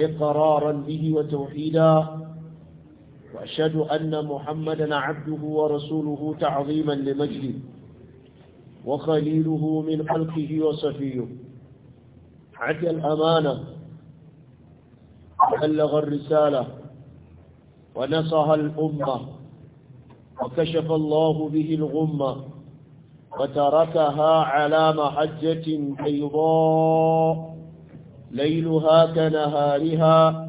إقرارا به وتوحيدا وأشهد أن محمدا عبده ورسوله تعظيما لمجده وخليله من خلقه وصفيه عدى الأمانة وبلغ الرسالة ونصها الأمة وكشف الله به الغمة وتركها على محجة بيضاء ليلها كنهارها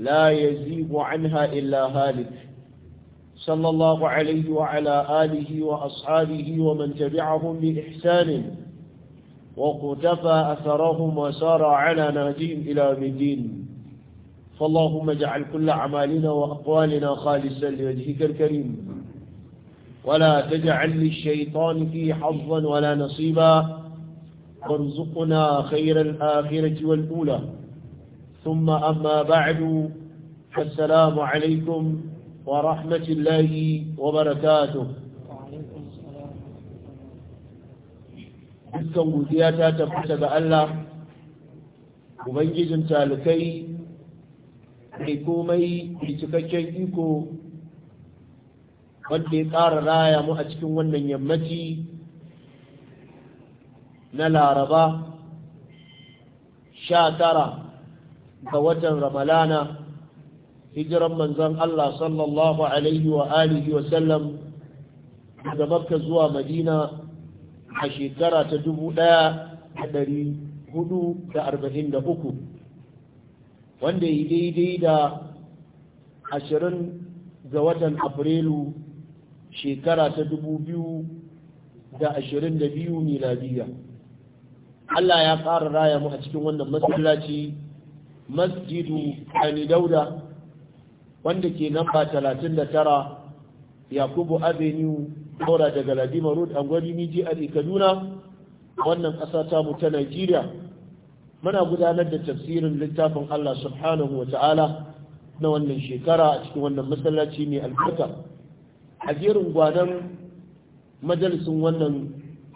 لا يزيغ عنها إلا هالك صلى الله عليه وعلى آله وأصحابه ومن تبعهم بإحسان وقتفى أثرهم وسار على نهجهم إلى مدين فاللهم اجعل كل أعمالنا وأقوالنا خالصا لوجهك الكريم ولا تجعل للشيطان فيه حظا ولا نصيبا وارزقنا خير الآخرة والأولى ثم أما بعد فالسلام عليكم ورحمة الله وبركاته dukkan godiya ta tabbata ga Allah ubangijin talikai mai komai mai cikakken iko wanda ya ƙara raya mu a cikin wannan yammaci na laraba sha tara ga watan ramalana hijiran manzan Allah sallallahu alaihi wa alihi wa sallam daga makka zuwa madina a shekara ta dubu ɗaya da ɗari hudu da arba'in da uku wanda yi daidai da ashirin ga watan afrilu shekara ta dubu biyu da ashirin da biyu miladiyya Allah ya ƙara raya mu a cikin wannan masallaci masjidu Ali Dauda wanda ke namba tara, Yakubu Avenue Kora daga Ladima Road Angwari Miji a Kaduna wannan ƙasa ta mu ta Najeriya muna gudanar da tafsirin littafin Allah subhanahu wa ta'ala na wannan shekara a cikin wannan masallaci mai albarka a jerin gwanan majalisin wannan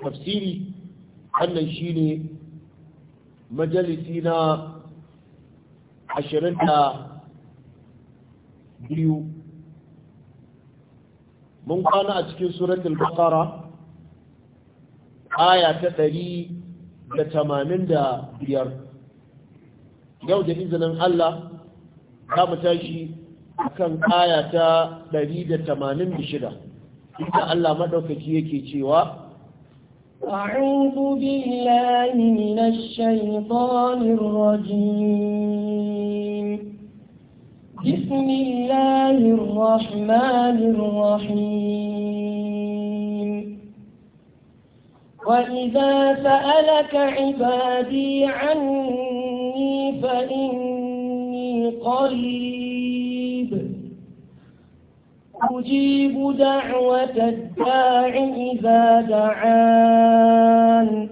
tafsiri wannan shine majalisi na ashirin da biyu mun kwana a cikin suratul baqara aya ta ɗari da tamanin da biyar yau da izinin Allah za mu tashi kan aya ta ɗari da tamanin da shida inda Allah maɗaukaki yake cewa أعوذ بالله من الشيطان الرجيم بسم الله الرحمن الرحيم وإذا سألك عبادي عني فإني قريب أجيب دعوة الداع إذا دعان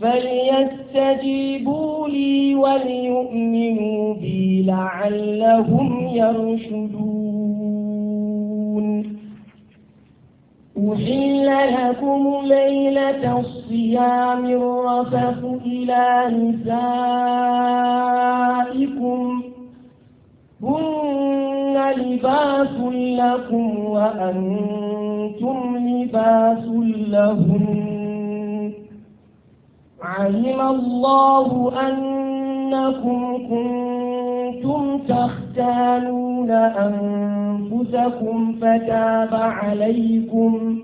فليستجيبوا لي وليؤمنوا بي لعلهم يرشدون أحل لكم ليلة الصيام الرفث إلى نسائكم هن لباس لكم وأنتم لباس لهن علم الله أنكم كنتم تختانون أنفسكم فتاب عليكم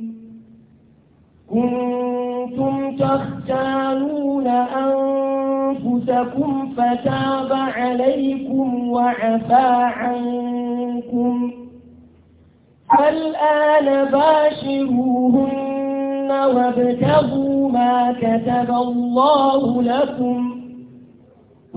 كنتم كنتم تختارون أنفسكم فتاب عليكم وعفى عنكم فالآن باشروهن وابتغوا ما كتب الله لكم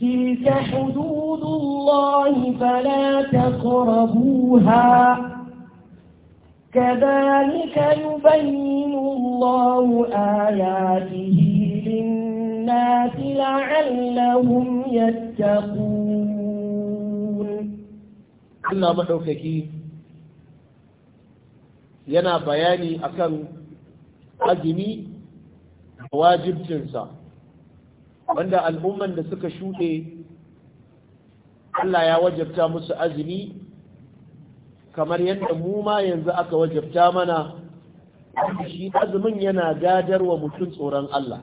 تلك حدود الله فلا تقربوها كذلك يبين الله آياته للناس لعلهم يتقون الله ينا بياني bayani أجمي واجب wajibcinsa wanda al'umman da suka shuɗe Allah ya wajabta musu azumi kamar yadda mu ma yanzu aka wajabta mana shi azumin yana wa mutum tsoron Allah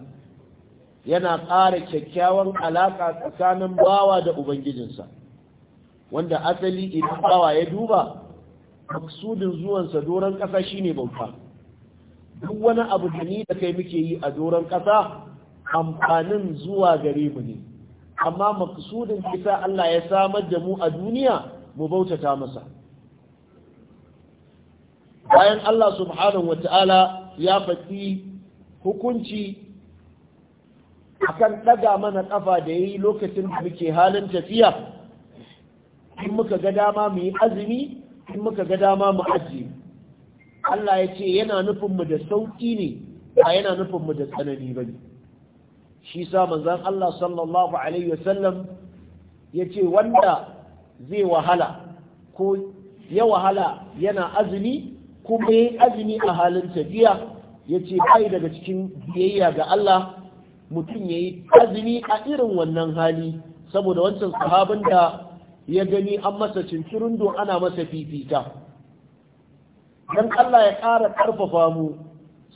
yana ƙara kyakkyawan alaƙa tsakanin bawa da ubangijinsa wanda asali idan bawa ya duba maksudin zuwansa doron ƙasa shine bauta duk wani abu da ni da kai muke yi a doron ƙasa amfanin zuwa gare mu ne amma maksudin kisa Allah ya samar da mu a duniya mu bautata masa bayan Allah subhanahu wata'ala ya faɗi hukunci akan ɗaga mana ƙafa da yayi lokacin da muke halin tafiya in muka ga dama mu yi azumi in muka ga dama mu ajiye Allah ya ce yana nufinmu da sauƙi ne ba yana nufin mu da tsanani ba shi sa manzon Allah sallallahu alaihi wasallam yace wanda zai wahala ko ya wahala yana azumi kuma yayi azumi a halin tafiya yace bai daga cikin biyayya ga Allah mutum yayi azumi a irin wannan hali saboda wancan sahabin da ya gani an masa cincirin don ana masa fifita don Allah ya ƙara ƙarfafa mu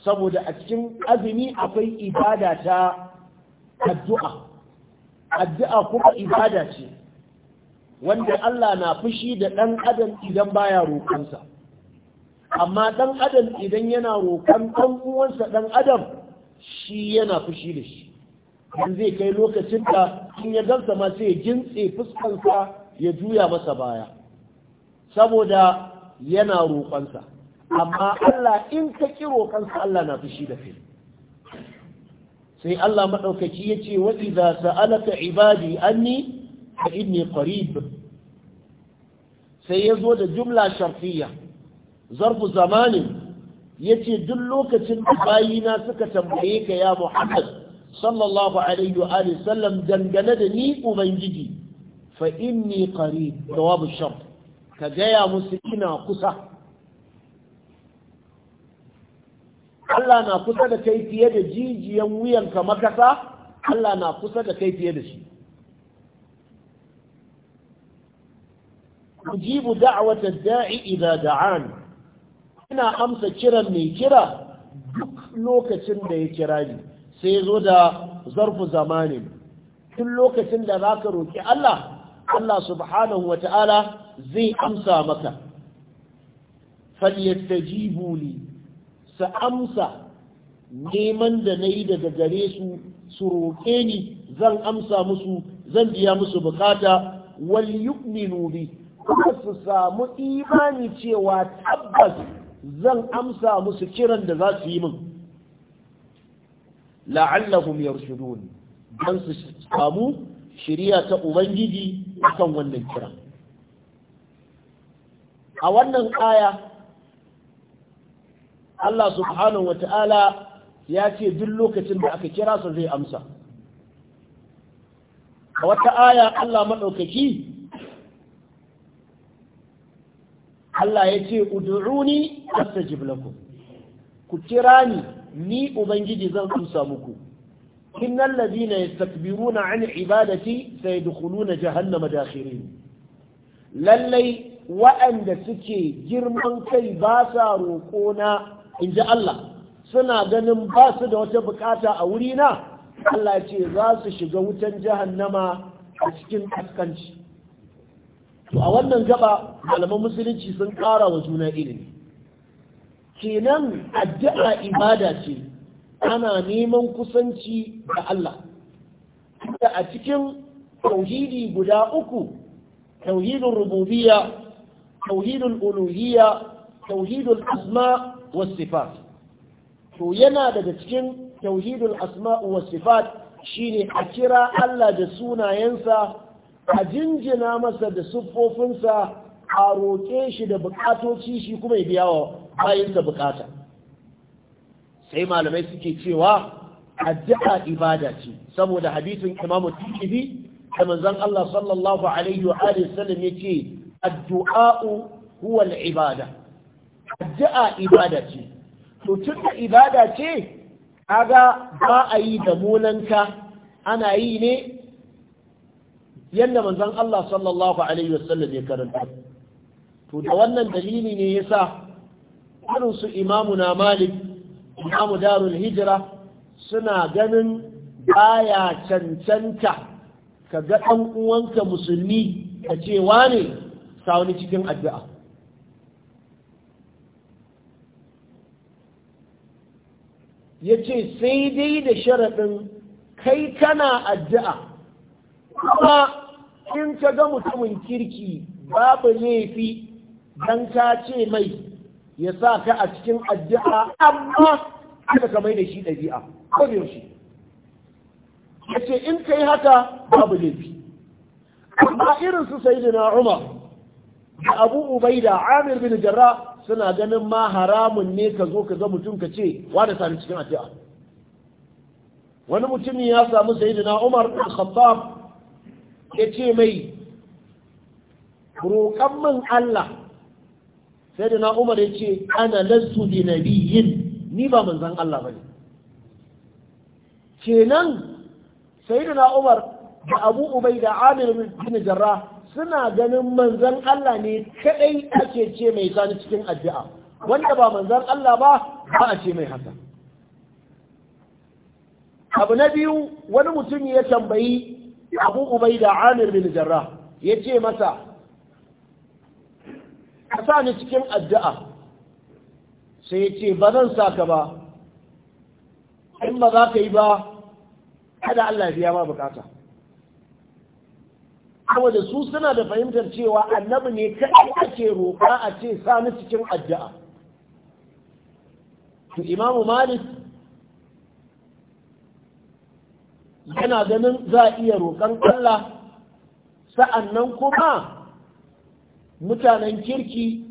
saboda a cikin azumi akwai ibada ta addu'a addu'a kuma ibada ce wanda Allah na fushi da ɗan adam idan baya roƙonsa amma ɗan adam idan yana roƙon ɗan uwansa ɗan adam shi yana fushi da shi dan zai kai lokacin da in ya gamsa ma sai jintse fuskansa ya juya masa baya saboda yana roƙonsa amma Allah in ka ƙi roƙonsa Allah na fushi da kai sai Allah maɗaukaci ya ce waɗi za sa'alaka ibadi ni fa inni ƙarib. sai ya zo da jumla sharfiya zarfu zamanin ya ce duk lokacin da bayina suka tambaye ka ya Muhammad sallallahu alaihi wa sallam dangane da ni ubangiji fa inni qarib jawabu shart ka gaya musu ina kusa Allah na kusa da kai fiye da jijiyan wuyanka makasa Allah na kusa da kai fiye da shi ujibu da'wata da'i idza da'an ina amsa kiran mai kira duk lokacin da ya kira ni sai yazo zo da zarfu zamanin tun lokacin da zaka roki Allah Allah subhanahu wata'ala zai amsa maka falyastajibu li su amsa neman da na yi daga gare su su roƙe ni zan amsa musu zan biya musu bukata wal yu'minu bi kuma su samu imani cewa tabbas zan amsa musu kiran da za su yi min la'allahum yarshudun dan su samu shiriya ta ubangiji akan wannan kiran a wannan aya Allah subhanahu wata'ala ya ce duk lokacin da aka kira sa zai amsa a wata aya Allah maɗaukaki Allah ya ce ud'uni astajib lakum ku kira ni ni ubangiji zan amsa muku innal ladina yastakbiruna an ibadati sayadkhuluna jahannama dakhirin lallai wa'anda suke girman kai ba sa roƙona in ji Allah suna ganin ba su da wata bukata a wurina Allah ce za su shiga wutan jahannama a cikin askanci. to a wannan gaba malaman musulunci sun ƙara wa juna ilimi kenan addu'a ibada ce ana neman kusanci da Allah da a cikin tauhidi guda uku tauhidul rububiyya tauhidul uluhiyya tauhidul asma' wasifat to yana daga cikin tauhidul asma'u wasifat shine a kira Allah da sunayensa a jinjina masa da siffofinsa a roƙe shi da buƙatoci shi kuma ya biya wa bayinsa buƙata sai malamai suke cewa addu'a ibada ce saboda hadisin imamu tikibi da manzon Allah sallallahu alaihi wa alihi sallam yace addu'a huwa al-ibada addu'a ibada ce to tun da ibada ce kaga ba a yi da munanka ana yi ne yadda manzon Allah sallallahu alaihi wasallam ya karanta to da wannan dalili ne yasa irin su imamu na malik imamu darul hijira suna ganin baya cancanta ka ga ɗan uwanka musulmi ka ce wane sa wani cikin addu'a ya ce sai dai da sharaɗin kai kana addu'a kuma in ka ga mutumin kirki babu laifi don ka ce mai ya sa ka a cikin addu'a amma aka mai da shi ɗabi'a ko yaushe ya ce in ka yi haka babu laifi amma irinsu sai da Na'uma umar da abu ubaida amir bin jarra suna ganin ma haramun ne ka zo ka ga mutum ka ce wa da sani cikin addu'a wani mutum ya samu sayyidina Umar bin Khattab ya ce mai roƙan min Allah sayyidina Umar ya ce ana lasu bi nabiyyin ni ba manzon Allah bane kenan sayyidina Umar da Abu Ubaida Amir bin Jarrah suna ganin manzan Allah ne kadai ake ce mai sani cikin addu'a wanda ba manzan Allah ba ba a ce mai haka abu na biyu wani mutum ya tambayi abu ubaida amir bin jarra ya ce masa ka sa ni cikin addu'a sai ya ce ba zan sa ba in ba za ka yi ba kada Allah ya biya ma bukata da su suna da fahimtar cewa annabi ne kai ake roƙa a ce sani cikin addu'a to imamu malik yana ganin za a iya roƙan Allah sa'annan kuma mutanen kirki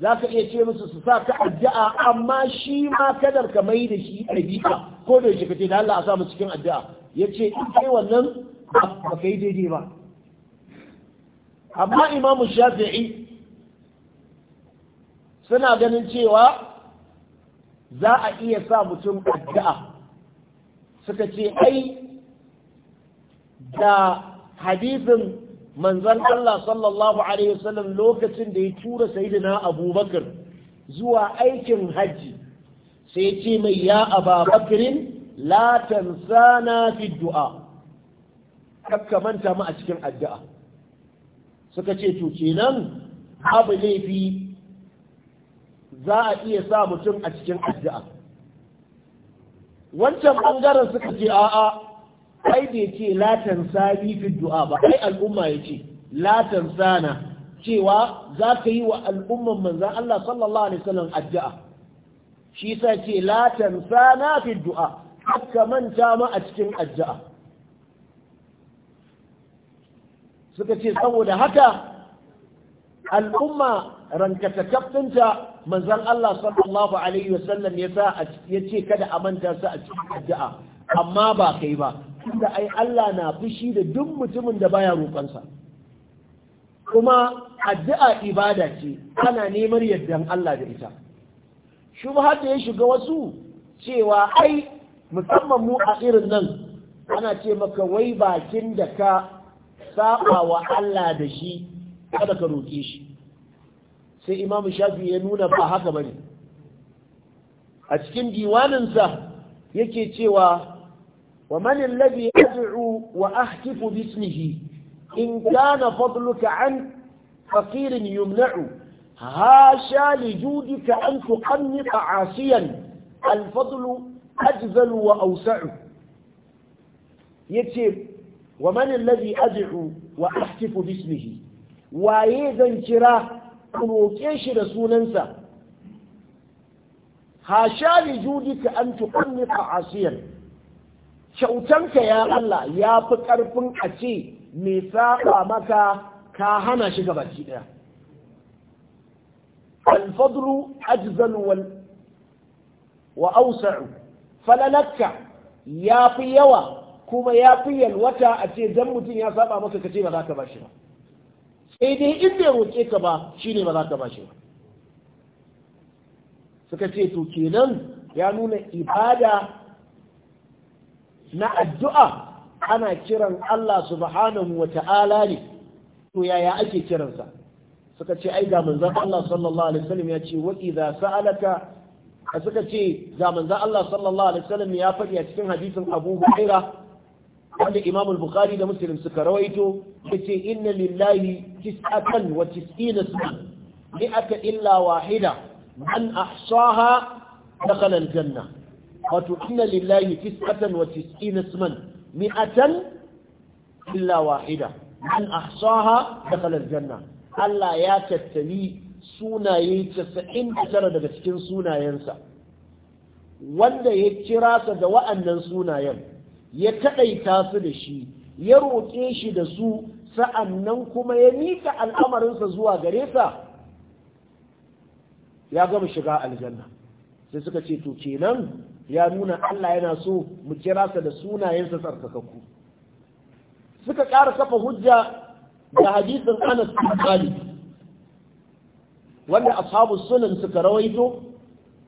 za ka iya ce musu su sa ka addu'a amma shi ma kadar ka mai da shi ɗabi'a ko da shi ka ce da Allah a samu cikin addu'a ya ce in wannan ba ka yi daidai ba amma imamu shafi'i suna ganin cewa za a iya sa mutum addu'a suka ce ai da hadisin manzan Allah sallallahu Alaihi wasallam lokacin da ya tura sayidina abubakar zuwa aikin hajji sai ce mai ya ababakirin latan sana fi du'a kakkamanta mu a cikin addu'a suka ce to kenan abu laifi za a iya sa mutum a cikin addu'a wancan bangaren suka ce a'a ai bai ce latan sani fi du'a ba ai al'umma ya ce latan sana cewa za ka yi wa al'umman manzan Allah sallallahu alaihi wasallam addu'a shi sa ce latan sana fi du'a ka manta ma a cikin addu'a suka ce saboda haka al'umma rankatakaf ɗinta manzon Allah sallallahu alaihi wasallam ya ya ce kada a manta su a cikin addu'a amma ba kai ba a ai Allah na fushi da duk mutumin da baya roƙonsa kuma addu'a ibada ce ana neman yardan Allah da ita shubha da ya shiga wasu cewa ai musamman mu a irin nan ana ce maka wai bakin da ka saba wa Allah da shi kada ka roƙe shi sai imam shafi ya nuna ba haka bane a cikin diwaninsa yake cewa wa man alladhi ad'u wa ahtifu bismihi in kana fadluka an faqirin yumna'u هاشا لجودك أن تقنط عاصيا الفضل wa وأوسع yace wa man alladhi ad'u wa ahtifu bismihi waye zan kira roƙe shi da sunansa hasha li judika an tuqannita asiyan kyautanka ya Allah ya fi ƙarfin a ce mai saba maka ka hana shi gabaki ɗaya الفضل أجزل وال... وأوسع فلنك يا في يوى kuma ya fi yalwata a ce dan mutum ya saba maka ka ce ba za ka bashi ba sai dai in bai roƙe ka ba shine ba za ka bashi ba suka ce to kenan ya nuna ibada na addu'a ana kiran Allah subhanahu wa ta'ala ne to yaya ake kiransa suka ce ai ga manzon Allah sallallahu alaihi wasallam ya ce wa idza sa'alaka suka ce ga manzon Allah sallallahu alaihi wasallam ya faɗi a cikin hadisin Abu Huraira wanda Imam al-Bukhari da Muslim suka rawaito yace inna lillahi tis'atan wa tis'ina isman mi'ata illa wahida man ahsaha dakhala al-janna wato inna lillahi tis'atan wa tis'ina mi'atan illa wahida man ahsaha dakhala al-janna Allah ya tattali sunaye 99 daga cikin sunayensa wanda ya kira sa da wa'annan sunayen ya kaɗaita su da shi ya roƙe shi da su sa'annan kuma ya miƙa al'amarinsa zuwa gare sa ya gama shiga aljanna sai suka ce to kenan ya nuna Allah yana so mu kira sa da sunayensa tsarkakakku suka ƙara kafa hujja da hadisin Anas bin Malik wanda ashabu sunan suka rawaito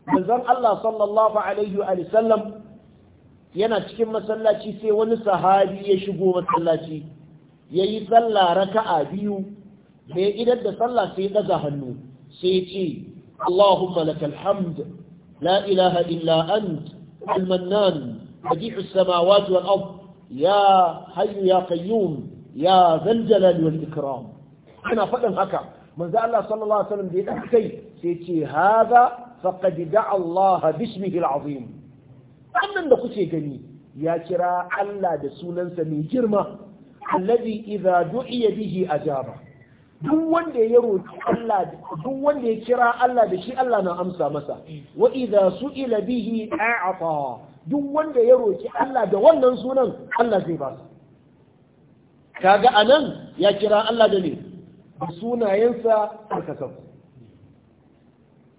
manzon Allah sallallahu alaihi wa sallam yana cikin masallaci sai wani sahabi ya shigo masallaci ya yi sallah raka'a biyu da idan da sallah sai ɗaga hannu sai ce Allahumma lakal hamd la ilaha illa ant al-mannan samawati wal ard ya hayyu ya qayyum ya zal jalali wal ikram ana faɗin haka manzo Allah sallallahu alaihi wasallam da ya kai sai ce hada faqad da'a Allah bismihi al-azim wannan da kuke gani ya kira Allah da sunansa mai girma allazi idza du'iya bihi ajaba duk wanda ya roki Allah duk wanda ya kira Allah da shi Allah na amsa masa wa idza su'ila bihi a'ata duk wanda ya roki Allah da wannan sunan Allah zai ba su kaga anan ya kira Allah da ne da sunayensa tsarkakan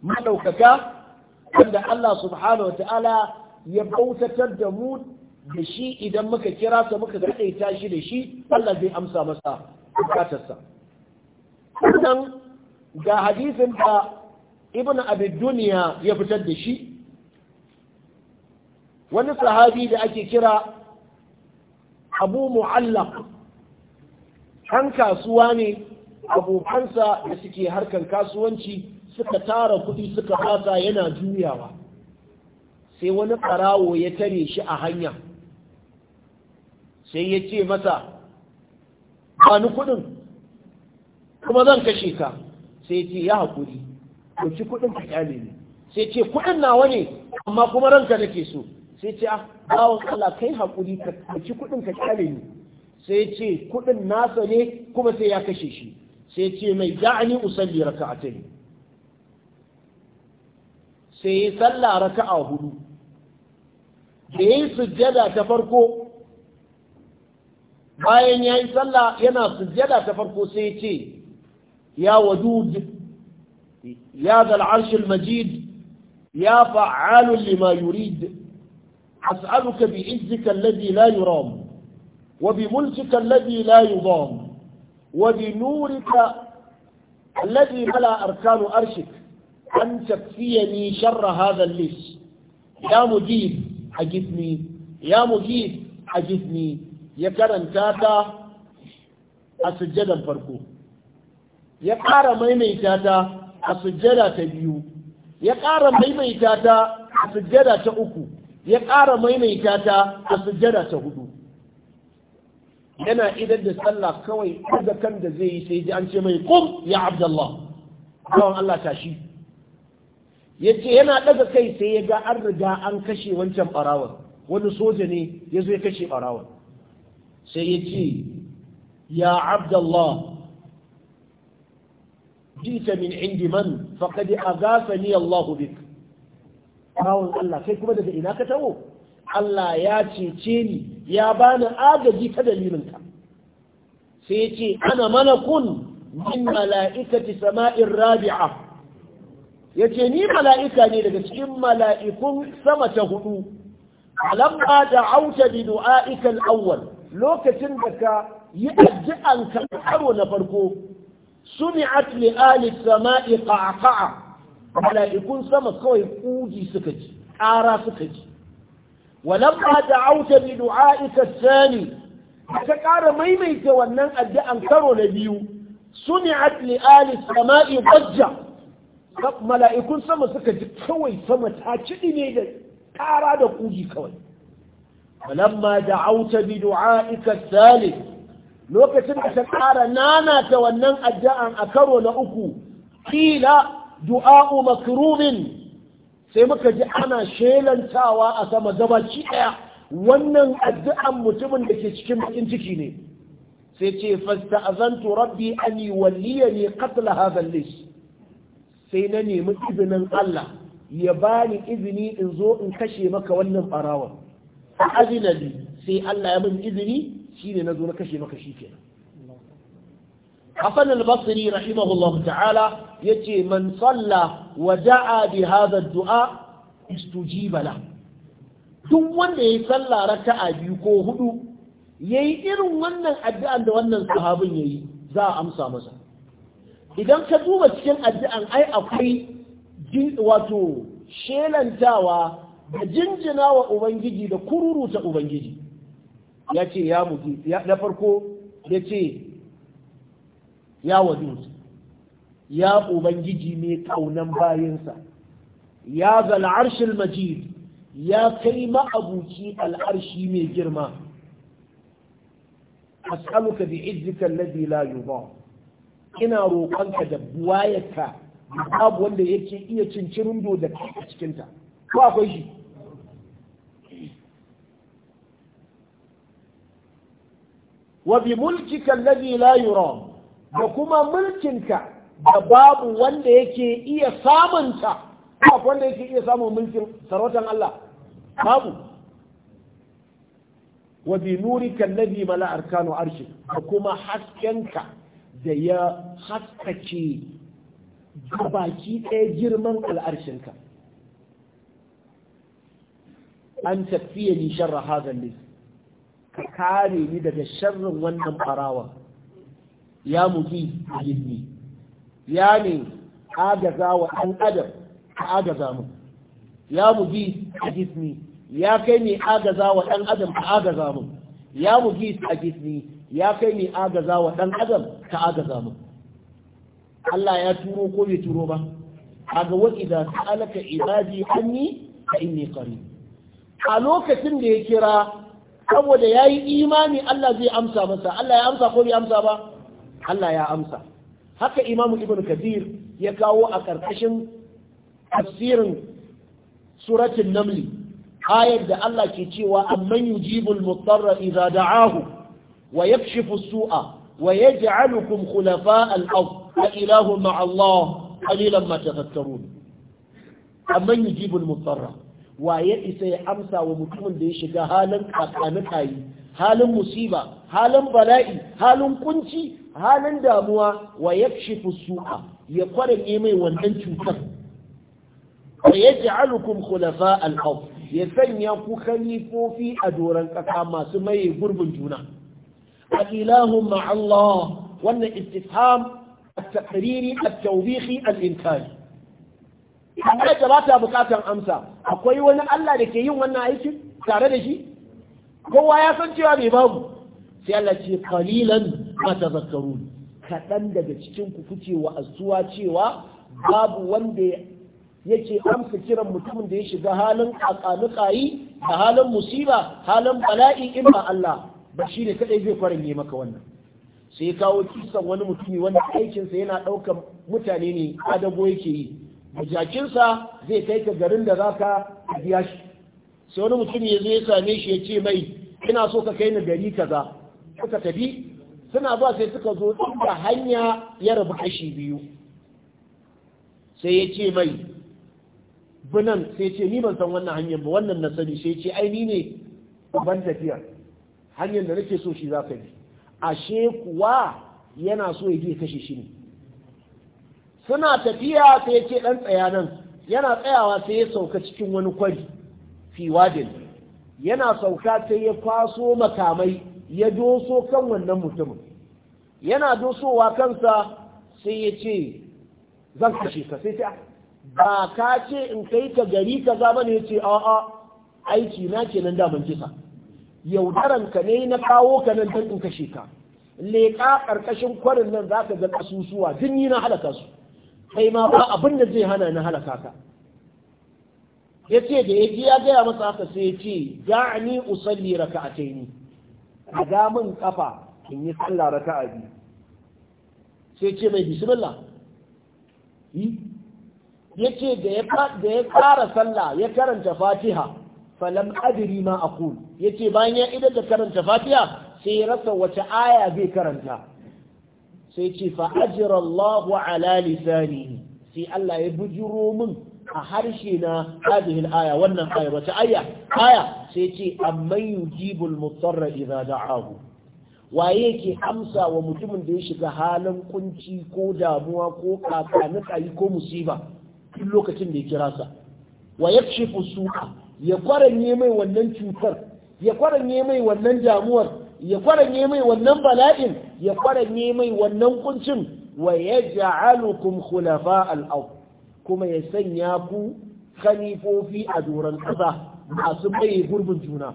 madaukaka wanda Allah subhanahu wa ta'ala ya bautatar da mu da shi idan muka kira sa muka gaɗaita shi da shi Allah zai amsa masa bukatarsa sannan ga hadisin da ibn abid duniya ya fitar da shi wani sahabi da ake kira abu mu'allaq kan kasuwa ne abokansa da suke harkan kasuwanci suka tara kuɗi suka fasa yana juyawa sai wani ɓarawo ya tare shi a hanya sai ya ce masa ba ni kuɗin kuma zan kashe ka sai ya ce ya haƙuri ɗauki kuɗin ka ƙyale ne sai ce kuɗin nawa ne amma kuma ranka nake so sai ce a ah, bawon Allah kai haƙuri ka ɗauki kuɗin ka ƙyale ne sai ce kuɗin nasa ne kuma sai ya kashe shi sai ce mai da'ani usalli raka'atayn sai ya salla raka'a hudu da ya yi sujjada ta farko bayan ya yi sallah yana sujjada ta farko sai ce ya wadud ya zal'arshil majid ya fa'alun lima yurid as'aluka bi izzika alladhi la yuram wa bi mulkika alladhi la yudam wa bi nurika الذي بلا أركان أرشك أن تكفيني شر هذا الليس يا مجيب gizmi ya a gizmi ya karanta ta a sujjadar farko ya ƙara maimaita ta a sujjada ta biyu ya ƙara maimaita ta a sujjada ta uku ya ƙara maimaita ta a sujjada ta hudu yana idan da sallah kawai daga kan da zai yi sai ji an ce mai kum ya abdallah Yawan Allah tashi ya ce yana ɗaga kai sai ya ga an riga an kashe wancan ɓarawar wani soja ne ya zo ya kashe ɓarawar sai ya ce ya abdallah jita min indi man faqad aghafani Allah bik ɓarawar Allah kai kuma daga ina ka taho Allah ya cece ni ya bani agaji ta dalilinka sai ya ce ana malakun min mala'ikati sama'in rabi'a Yace ni mala'ika ne daga cikin mala'ikun sama ta hudu alamma da auta bi du'a'ikal awwal lokacin da ka yi addu'an ka karo na farko sumi'at li ali sama'i qaqa'a mala'ikun sama kawai kuji suka ji ƙara suka ji walamma da auta bi du'a'ikal thani ka ƙara maimaita wannan addu'an karo na biyu sumi'at li ali sama'i bajja mala'ikun sama suka ji kawai sama ta ciɗi ne da ƙara da ƙugi kawai falamma da auta bi du'a'ika salis lokacin da ta ƙara nana ta wannan addu'an a karo na uku kila du'a'u makrumin sai muka ji ana shelantawa a sama gabaci ɗaya wannan addu'an mutumin da ke cikin bakin ciki ne sai ce fasta'azantu rabbi an ne qatla hadha al sai na nemi izinin Allah ya bani izini in zo in kashe maka wannan barawon a azina li sai Allah ya min izini shine na zo na kashe maka shi kenan Hassan al-Basri rahimahullahu ta'ala yace man Sallah, wa da'a bi hadha ad-du'a istujiba la duk wanda yayi sallah raka'a biyu ko hudu yayi irin wannan addu'ar da wannan sahabin yayi za a amsa masa idan ka duba cikin addu'an ai akwai wato shelantawa da jinjina wa ubangiji da kururuta ubangiji ya ce ya mutu na farko ya ce ya ya ubangiji mai kaunan bayansa ya zal arshil majid ya kai ma'abuci al'arshi mai girma as'aluka bi izzika alladhi la ina roƙonka da buwayarka babu wanda yake iya cincirin do da a cikinta ko akwai shi wa bi mulkika alladhi la yura da kuma mulkinka da babu wanda yake iya samunta akwai wanda yake iya samun mulkin sarautan Allah babu wa bi nurika alladhi mala arkanu arshi da kuma haskenka da ya haskace baki ɗaya girman al'arshinka an tafiye ni sharra hazan ne ka kare ni daga sharrin wannan farawa ya mugi a gilmi ya ne agaza wa ɗan adam ka agaza mu ya mugi a gizmi. ya kai ne agaza wa ɗan adam ka agaza mu ya mugi a gizmi. ya kai ni agaza wa dan adam ta agaza mu Allah ya turo ko bai turo ba kaga wa idza sa'alaka ibadi anni fa inni qarib a lokacin da ya kira saboda ya yi imani Allah zai amsa masa Allah ya amsa ko bai amsa ba Allah ya amsa haka Imam Ibn Kabir ya kawo a karkashin tafsirin suratul namli ayar da Allah ke cewa amman yujibul mutarra idza da'ahu wa yakshifu su'a wa yaj'alukum khulafa al-ard wa ilahu Allah qalilan ma tadhakkarun amman yujibu al-mutarra isa ya amsa wa mutumin da ya shiga halin kakanikayi halin musiba halin bala'i halin kunci halin damuwa wa yakshifu su'a ya kwarage mai wannan cutar wa yaj'alukum khulafa al-ard ya sanya ku khalifofi a doron kasa masu maye gurbin juna أإله مع الله وأن استفهام التقريري التوبيخي الإنكاري haka da ba ta bukatar amsa akwai wani Allah da ke yin wannan aikin tare da shi kowa ya san cewa bai babu sai Allah ce qalilan ma tazakkarun kadan daga cikin ku kuke wa cewa babu wanda yake amsa kiran mutumin da ya shiga halin akanukayi da halin musiba halin bala'i in ba Allah ba shi ne kadai zai kwarange maka wannan sai ya kawo kisan wani mutumi wanda aikinsa yana ɗaukar mutane ne adabo yake yi Majakinsa zai kai ka garin da za ka biya shi sai wani mutumi ya zo ya same shi ya ce mai ina so ka kai ni gari kaza suka tafi suna ba sai suka zo inda hanya ya rabu kashi biyu sai ya ce mai binan sai ce ni ban san wannan hanyar ba wannan na sani sai ce ai ni ne ban tafiya hanyar da nake so shi za ka bi ashe kuwa yana so ya je kashe shi ne suna tafiya sai ya ce ɗan tsaya nan yana tsayawa sai ya sauka cikin wani kwari fi wadin yana sauka sai ya faso makamai ya doso kan wannan mutumin yana dosowa kansa sai ya ce zan kashe ka sai ta ah, ba ka ce in kai ka gari kaza bane ya ce a'a aiki na kenan daman kisa yaudaran ka ne na kawo ka nan don in kashe ka leƙa ƙarƙashin kwarin nan za ka ga ƙasusuwa tun yi na halaka su kai ma ba abin da zai hana na halaka ka ya ce da ya ya gaya masa haka sai ya ce ni usalli raka a ga min kafa in yi sallah a biyu sai ce mai bismillah ya ce da ya ƙara sallah ya karanta fatiha falam adri ma aqul yace bayan ya idan da karanta fatiha sai ya rasa wace aya zai karanta sai ce fa ajra Allahu ala lisanihi sai Allah ya bujuro min a harshe na hadhihi aya wannan aya wace aya aya sai ce amma yujibul mutarra idza da'ahu waye ke amsa wa mutumin da ya shiga halin kunci ko damuwa ko kakani ko musiba duk lokacin da ya kira sa wa yakshifu su'a ya kwaranye mai wannan cutar ya kwaranye mai wannan damuwar ya kwaranye mai wannan bala'in ya kwaranye mai wannan kuncin wa yaj'alukum khulafa al-ard kuma ya sanya ku khalifofi a doron kasa masu bai gurbin juna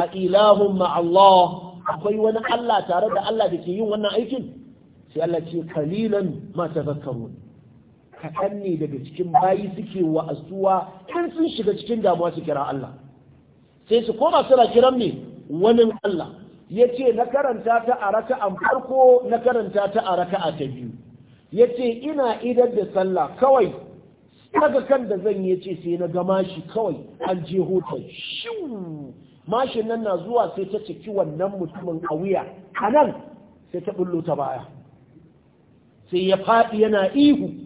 a ilahun Allah akwai wani Allah tare da Allah da ke yin wannan aikin sai Allah ce kalilan ma tazakkarun kaɗan ne daga cikin bayi suke azuwa in sun shiga cikin damuwa su kira Allah sai su koma suna kiran me wani Allah ya ce na karanta ta a raka'an farko na karanta ta a raka'a ta biyu ya ce ina idar da sallah kawai daga kan da zan yi ce sai na gama shi kawai an je hoton shi. mashin nan na zuwa sai ta ciki wannan mutumin a wuya a nan sai ta bullo ta baya sai ya faɗi yana ihu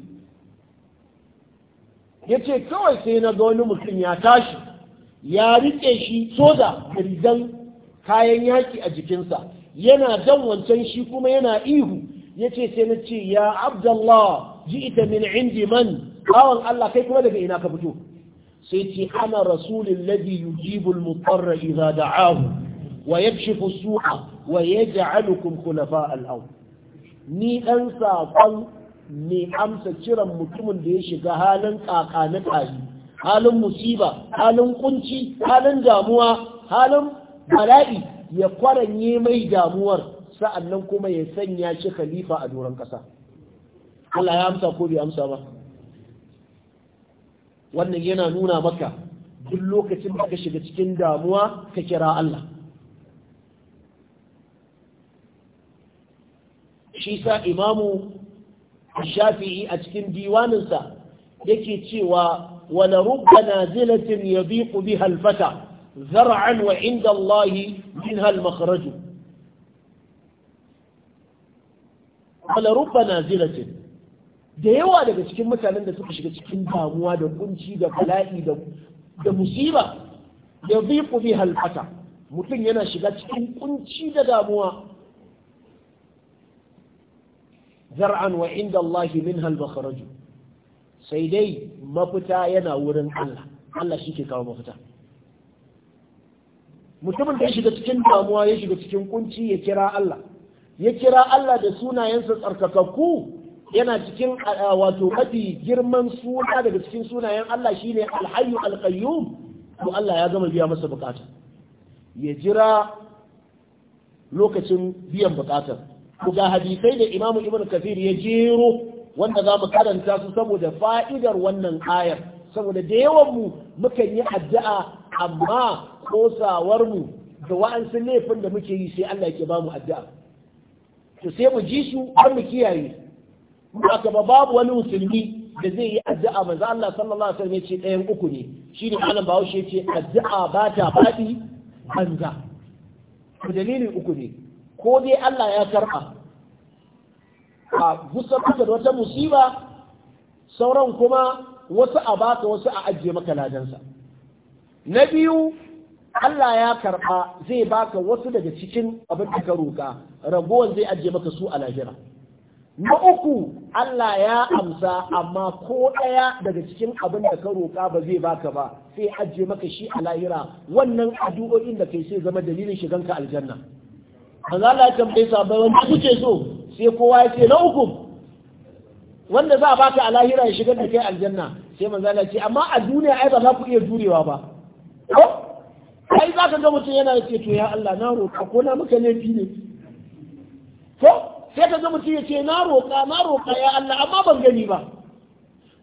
ya ce kawai sai na ga wani mutum ya tashi ya riƙe shi soda da rigan kayan yaƙi a jikinsa yana jan wancan shi kuma yana ihu ya ce sai na ce ya abdallah ji ita min indi man bawan Allah kai kuma daga ina ka fito sai ce ana rasulun ladhi yujibul mutarra idza da'ahu wa yakshifu su'a wa yaj'alukum khulafa al-ard ni dan saƙon ne amsa kiran mutumin da ya shiga halin kaka na ƙari halin musiba halin kunci halin damuwa halin bala'i ya kwaranye mai damuwar sa'annan kuma ya sanya shi khalifa a doron ƙasa Allah ya amsa ko bai amsa ba wannan yana nuna maka duk lokacin da ka shiga cikin damuwa ka kira Allah shi sa imamu shafi'i a cikin diwaninsa yake cewa wani rubba nazilatin ya biku bi halfata zar'an wa inda Allahi min halmakharaju wani rubba nazilatin da yawa daga cikin mutanen da suka shiga cikin damuwa da kunci da bala'i da musiba ya biku bi halfata mutum yana shiga cikin kunci da damuwa zar'an wa inda Allah minha al-makhraj sai dai mafita yana wurin Allah Allah shi ke kawo mafita mutumin da ya shiga cikin damuwa ya shiga cikin kunci ya kira Allah ya kira Allah da sunayensa tsarkakakku yana cikin wato mafi girman suna daga cikin sunayen Allah shine alhayyu alqayyum to Allah ya gama biya masa bukata ya jira lokacin biyan bukatar ga hadisai da imamu ibn kafir ya jero wanda za mu karanta su saboda fa'idar wannan ayar saboda da yawan mu mukan yi addu'a amma kosawar mu da wa'ansu laifin da muke yi sai Allah ke ba mu addu'a to sai mu ji su har mu kiyaye aka ba babu wani musulmi da zai yi addu'a manzo Allah sallallahu alaihi wasallam ya ce ɗayan uku ne shine malam shi ya ce addu'a ba ta faɗi banza dalilin uku ne ko dai Allah ya karɓa a gusar da wata musiba sauran kuma wasu a baka wasu a ajiye maka ladansa na biyu Allah ya karɓa zai baka wasu daga cikin abin da ka roƙa ragowar zai ajiye maka su a lahira na uku Allah ya amsa amma ko ɗaya daga cikin abin da ka roƙa ba zai baka ba sai ajiye maka shi a lahira wannan addu'o'in da kai sai zama dalilin shiganka aljanna manzo Allah ya tambaye sahabbai wanda kuke so sai kowa ya ce na uku wanda za a baka a lahira ya shiga da kai aljanna sai manzo Allah ya ce amma a duniya ai ba za ku iya jurewa ba ai za ka ga mutum yana ce to ya Allah na roƙa ko na maka laifi ne ko sai ka ga mutum ya ce na roƙa na roƙa ya Allah amma ban gani ba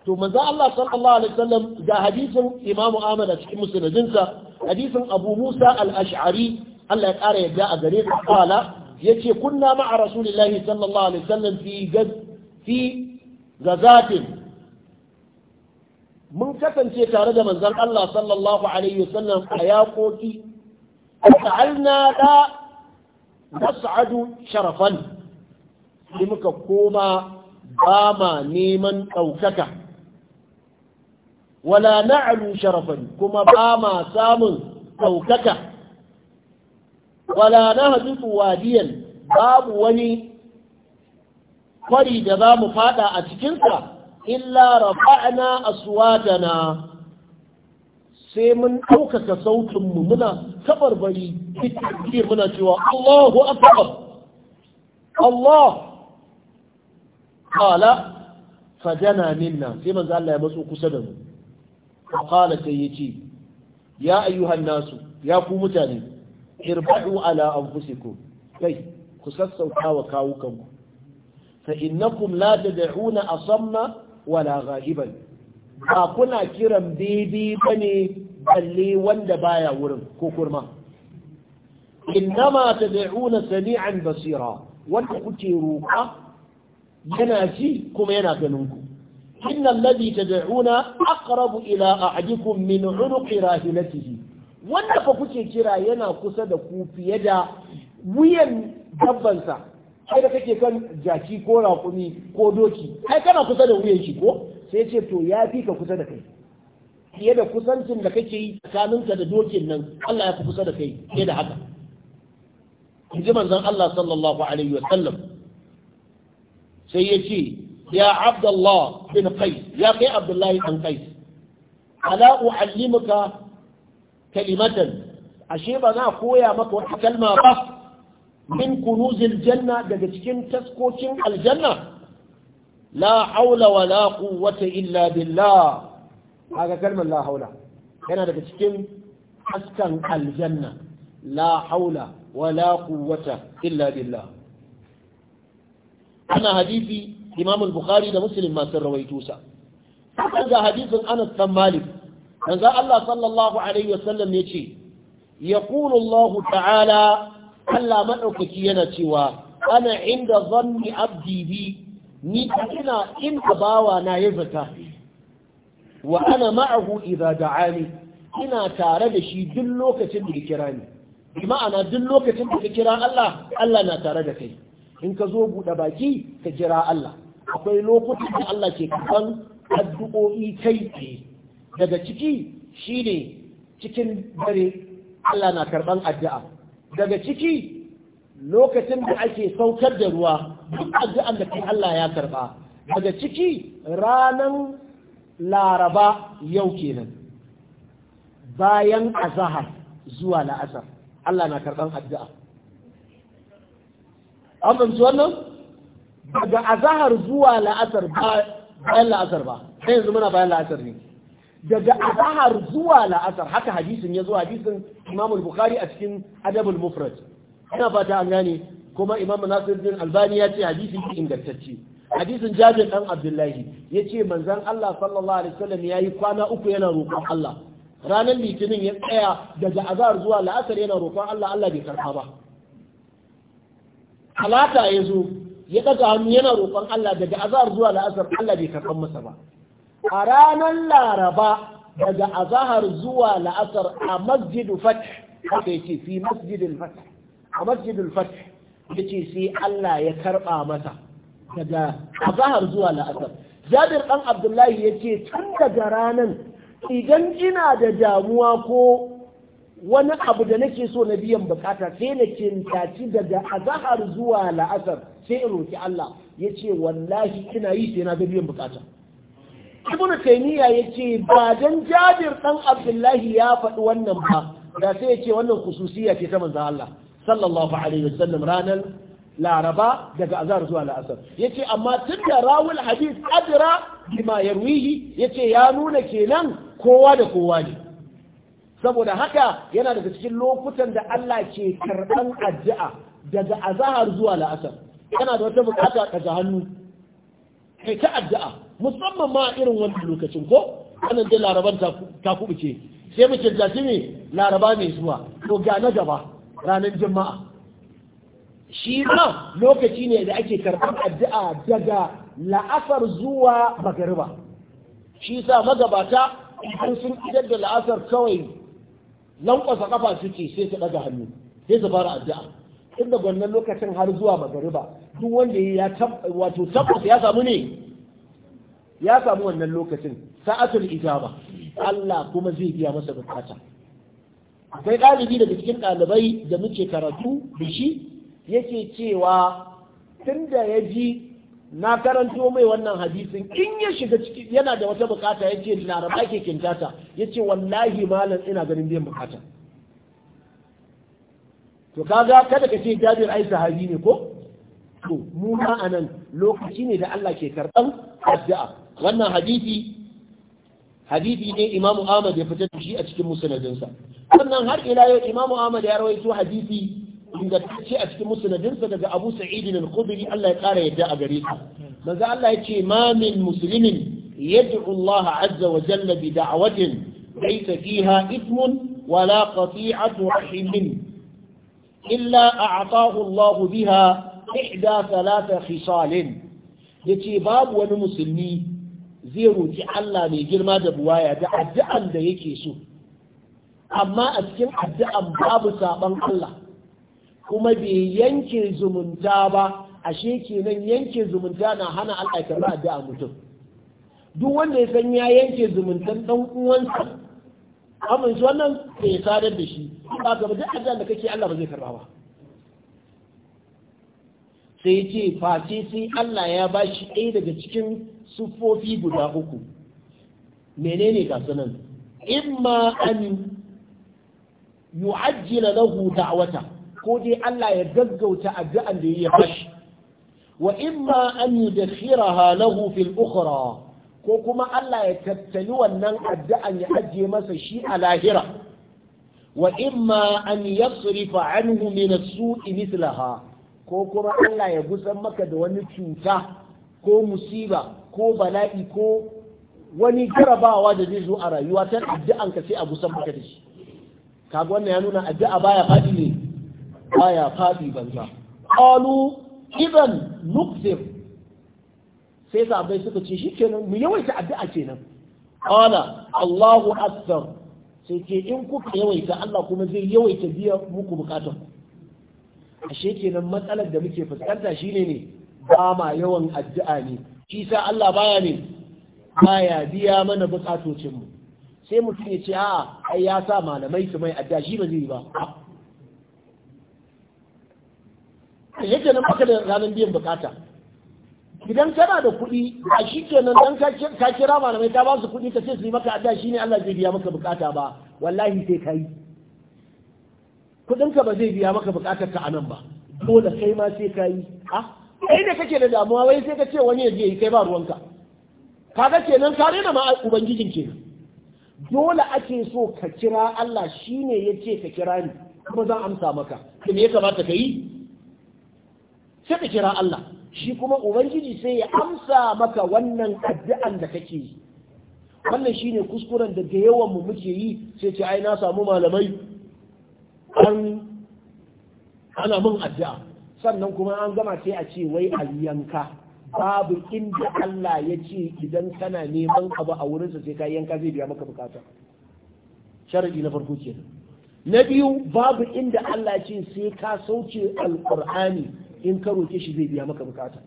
to manzo Allah sallallahu alaihi wasallam ga hadisin Imam Ahmad a cikin musnadinsa hadisin Abu Musa al-Ash'ari Allah ya ƙara yadda a gare ka kala ce kunna ma'a rasulillahi sallallahu alaihi wasallam fi fi gazatin mun kasance tare da manzon Allah sallallahu alaihi wasallam a yaƙoƙi ta'alna da nas'adu sharafan sai muka koma ba ma neman ɗaukaka wala na'alu sharafan kuma ba ma samun ɗaukaka wala nahdifu wadiyan babu wani kwari da za mu fada a cikinsa illa rafa'na na. sai mun ɗaukaka mu muna tabarbari cikin muna cewa Allahu akbar Allah qala fajana minna sai manzo Allah ya matso kusa da mu qala sai yace ya ayyuhan nasu ya ku mutane irbadu ala anfusikum kai ku sassauta wa kawukanku fa innakum la tad'una asamma wala ghaiban ba kuna kiran bibi bane balle wanda baya wurin ko kurma innama tad'una sami'an basira wanda kuke roƙa yana ji kuma yana ganin ku inna alladhi tad'una aqrabu ila ahadikum min 'unuqi rahilatihi wanda fa kuke kira yana kusa da ku fiye da wuyan dabbansa kai da kake kan jaki ko raƙumi ko doki kai kana kusa da wuyan shi ko sai ce to ya fi ka kusa da kai fiye da kusancin da kake yi tsakaninka da dokin nan Allah ya fi kusa da kai fiye da haka Inji manzon Allah sallallahu alaihi Wasallam sai ya ce ya abdullahi bin Qais ya kai Abdullahi bin Qais ala u'allimuka kalimatan ashe ba za a koya maka wata kalma ba min kunuzin janna daga cikin taskocin aljanna la haula wa la quwwata illa billah haka kalmar la haula yana daga cikin haskan aljanna la haula wa la quwwata illa billah ana hadisi imam bukhari da muslim masu rawaitusa. rawaito sa hadisin Anas bin Malik manzo Allah sallallahu alaihi wasallam yace yaqulu Allah ta'ala Allah madaukaki yana cewa ana inda zanni abdi bi ni ina inda bawa na ya zata wa ana ma'ahu idza da'ani ina tare da shi duk lokacin da kira ni ma'ana duk lokacin da kira Allah Allah na tare da kai in ka zo buɗe baki ka kira Allah akwai lokacin da Allah ke kafan addu'o'i kai tsaye daga ciki shine cikin dare Allah na karban addu'a daga ciki lokacin da ake saukar da ruwa duk addu'an da kai Allah ya karba daga ciki ranan laraba yau kenan bayan azahar zuwa la'asar Allah na karban addu'a abin fahimci nan daga azahar zuwa la'asar bayan la'asar ba sai yanzu muna bayan la'asar ne daga azahar zuwa la'asar haka hadisin ya zo hadisin al bukhari a cikin adabul mufrad ina fata an gane kuma imam nasiruddin albani ya ce hadisin ingantacce hadisin jabir dan abdullahi ya ce manzan allah sallallahu alaihi wasallam ya yi kwana uku yana roƙon allah ranar litinin ya tsaya daga azahar zuwa la'asar yana roƙon allah allah bai karɓa ba talata ya zo ya ɗaga hannu yana roƙon allah daga azahar zuwa la'asar allah bai karɓan masa ba a ranar laraba daga azahar zuwa la'asar a masjidu fath haka ce fi masjidin fath a masjidin fath ce sai Allah ya karba masa daga azahar zuwa la'asar jabir ɗan abdullahi ce tun daga ranan idan ina da damuwa ko wani abu da nake so na biyan bukata sai na cintaci daga azahar zuwa la'asar sai in roki Allah ya ce wallahi ina yi sai na ga biyan bukata ibnu taymiya yace ba dan jabir dan abdullahi ya faɗi wannan ba da sai yace wannan kususiya ce ta manzon Allah sallallahu alaihi wasallam ranar laraba daga azar zuwa la'asar yace amma tunda rawul hadith adra bima yarwihi yace ya nuna kenan kowa da kowa ne saboda haka yana daga cikin lokutan da Allah ke karban addu'a daga azahar zuwa la'asar kana da wata bukata ka ga hannu kai ta addu'a musamman ma irin wannan lokacin ko wannan dai laraban ta kubuce sai mu canjaci ne laraba mai zuwa to ga na gaba ranar juma'a shi ma lokaci ne da ake karɓar addu'a daga la'asar zuwa magariba shi sa magabata idan sun idar da la'asar kawai lankwasa kafa suke sai su ɗaga hannu sai su fara addu'a inda wannan lokacin har zuwa magariba duk wanda ya tabbata ya samu ne ya samu wannan lokacin sa'atul ijaba Allah kuma zai biya masa bukata akwai ɗalibi daga cikin ɗalibai da muke karatu da shi yake cewa tun da ya ji na karanto mai wannan hadisin in ya shiga ciki yana da wata bukata ya ce laraba ke kintata ya ce wallahi malam ina ganin biyan bukata to kaga kada ka ce jabir ai sahabi ne ko to mu ma anan lokaci ne da Allah ke karɓan addu'a wannan hadisi hadisi ne Imam Ahmad ya fitar da shi a cikin musnadinsa wannan har ila yau Imam Ahmad ya rawaito hadisi ingantacce a cikin musnadinsa daga Abu Sa'id al-Khudri Allah ya kara yadda a gare shi manzo Allah ya ce ma min muslimin yad'u Allah azza wa jalla bi da'watin laysa fiha ithmun wala qati'atu rahimin illa a'tahu Allah biha ihda thalatha khisalin ya ce babu wani musulmi zai roƙi Allah mai girma da buwaya da addu'an da yake so amma a cikin addu'an babu sabon Allah kuma bai yanke zumunta ba ashe kenan yanke zumunta na hana Allah ya addu'a mutum duk wanda ya san ya yanke zumuntan dan uwansa amince wannan bai sadar da shi ba ga duk addu'an da kake Allah ba zai karba ba sai ya ce face sai Allah ya ba shi ɗaya daga cikin siffofi guda uku menene ga sunan imma an yu'ajjila lahu da'wata ko dai Allah ya gaggauta addu'an da ya bashi wa imma an yudakhiraha lahu fil ukhra ko kuma Allah ya tattali wannan addu'an ya ajiye masa shi a lahira wa imma an yasrifa anhu min as-su'i mithlaha ko kuma Allah ya gusan maka da wani cuta ko musiba ko bala'i ko wani jarabawa da zai zo a rayuwa ta addu'an ka sai a gusan maka da shi kaga wannan ya nuna addu'a baya fadi ne baya fadi banza qalu idan nukzir sai bai suka ce shikenan mu yawaita addu'a kenan qala Allahu akbar sai ce in kuka yawaita Allah kuma zai yawaita biya muku bukatun ashe kenan matsalar da muke fuskanta shine ne ba ma yawan addu'a ne shi sa Allah baya ne baya biya mana bukatocin mu sai mutum ya ce a'a ai ya sa malamai su mai addu'a shi ba zai ba ashe kenan baka da ranar biyan bukata idan kana da kuɗi a shi kenan dan ka kira malamai ta ba su kuɗi ka ce su yi maka addu'a shine Allah zai biya maka bukata ba wallahi sai ka yi kudinka ba zai biya maka bukatar ka anan ba da kai ma sai ka yi a kai da kake da damuwa wai sai ka ce wani ya yi kai ba ruwanka kaga kenan ka rena ma ubangijin ke dole ake so ka kira Allah shine yace ka kira ni kuma zan amsa maka kin ya kamata ka yi sai ka kira Allah shi kuma ubangiji sai ya amsa maka wannan addu'an da kake yi wannan shine kuskuren da da yawan mu muke yi sai ce ai na samu malamai an ana mun addu'a sannan kuma an gama sai a ce wai aliyanka babu inda Allah ya ce idan kana neman abu a wurinsa sai ka yanka zai biya maka bukata sharadi na farko kenan na biyu babu inda Allah ce sai ka sauke alqur'ani in ka roke shi zai biya maka bukata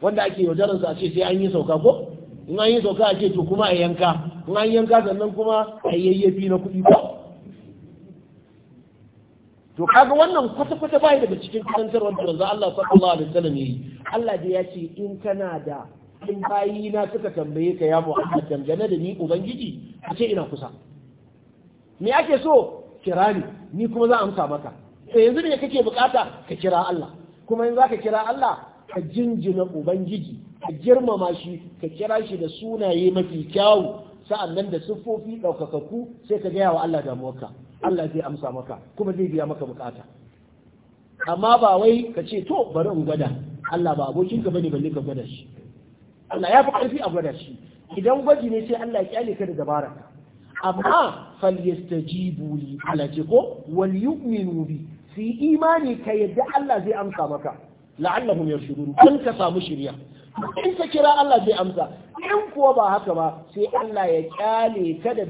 wanda ake yaudararsa a ce sai an yi sauka ko in an yi sauka a ce to kuma a yanka in an yanka sannan kuma a yayyafi na kuɗi ba to kaga wannan kwata-kwata bai da cikin karantar wanda manzo Allah sallallahu alaihi wasallam yi Allah da ya ce in kana da in bayi na suka tambaye ka ya Muhammad dangane da ni ubangiji a ce ina kusa me ake so kira ni ni kuma za a amsa maka to yanzu ne kake bukata ka kira Allah kuma in zaka kira Allah ka jinjina ubangiji ka girmama shi ka kira shi da sunaye mafi kyawu sa'annan da siffofi daukakaku sai ka gaya wa Allah damuwarka Allah zai amsa maka kuma zai biya maka bukata amma ba wai ka ce to bari in gwada Allah ba abokin ka bane balle ka gwada shi Allah ya fi karfi a gwada shi idan gwaji ne sai Allah ya kyale ka da dabararka amma falyastajibu li Allah ce ko wal yu'minu bi fi imani ka yadda Allah zai amsa maka la'allahum yarshudun kun ka samu shirya in ka kira Allah zai amsa in kuwa ba haka ba sai Allah ya kyale ka da